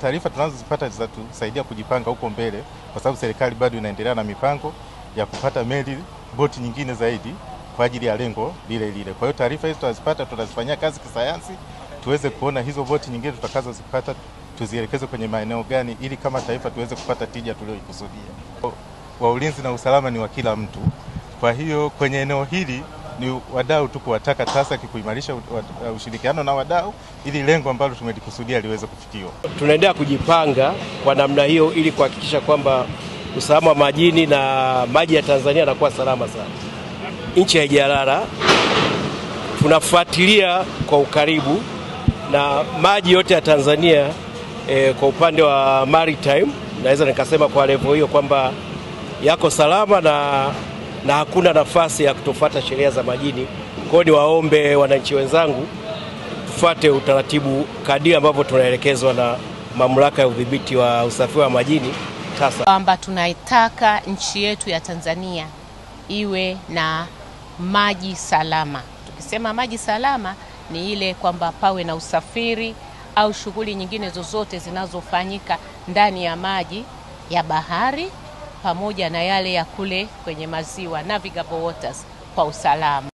Taarifa tunazozipata zitatusaidia kujipanga huko mbele, kwa sababu serikali bado inaendelea na mipango ya kupata meli boti nyingine zaidi kwa ajili ya lengo lile lile. Kwa hiyo taarifa hizo tunazipata tunazifanyia kazi kisayansi, tuweze kuona hizo boti nyingine tutakazozipata tuzielekeze kwenye maeneo gani, ili kama taifa tuweze kupata tija tuliyoikusudia. Wa ulinzi na usalama ni wa kila mtu, kwa hiyo kwenye eneo hili ni wadau tu kuwataka TASAC kuimarisha uh, ushirikiano na wadau ili lengo ambalo tumelikusudia liweze kufikiwa. Tunaendelea kujipanga kwa namna hiyo ili kuhakikisha kwamba usalama wa majini na maji ya Tanzania yanakuwa salama sana. Nchi haijalala, tunafuatilia kwa ukaribu na maji yote ya Tanzania eh, kwa upande wa maritime naweza nikasema kwa level hiyo kwamba yako salama na na hakuna nafasi ya kutofuata sheria za majini. Kwa hiyo niwaombe wananchi wenzangu tufuate utaratibu kadiri ambavyo tunaelekezwa na mamlaka ya udhibiti wa usafiri wa majini TASA, kwamba tunaitaka nchi yetu ya Tanzania iwe na maji salama. Tukisema maji salama ni ile kwamba pawe na usafiri au shughuli nyingine zozote zinazofanyika ndani ya maji ya bahari pamoja na yale ya kule kwenye maziwa navigable waters kwa usalama.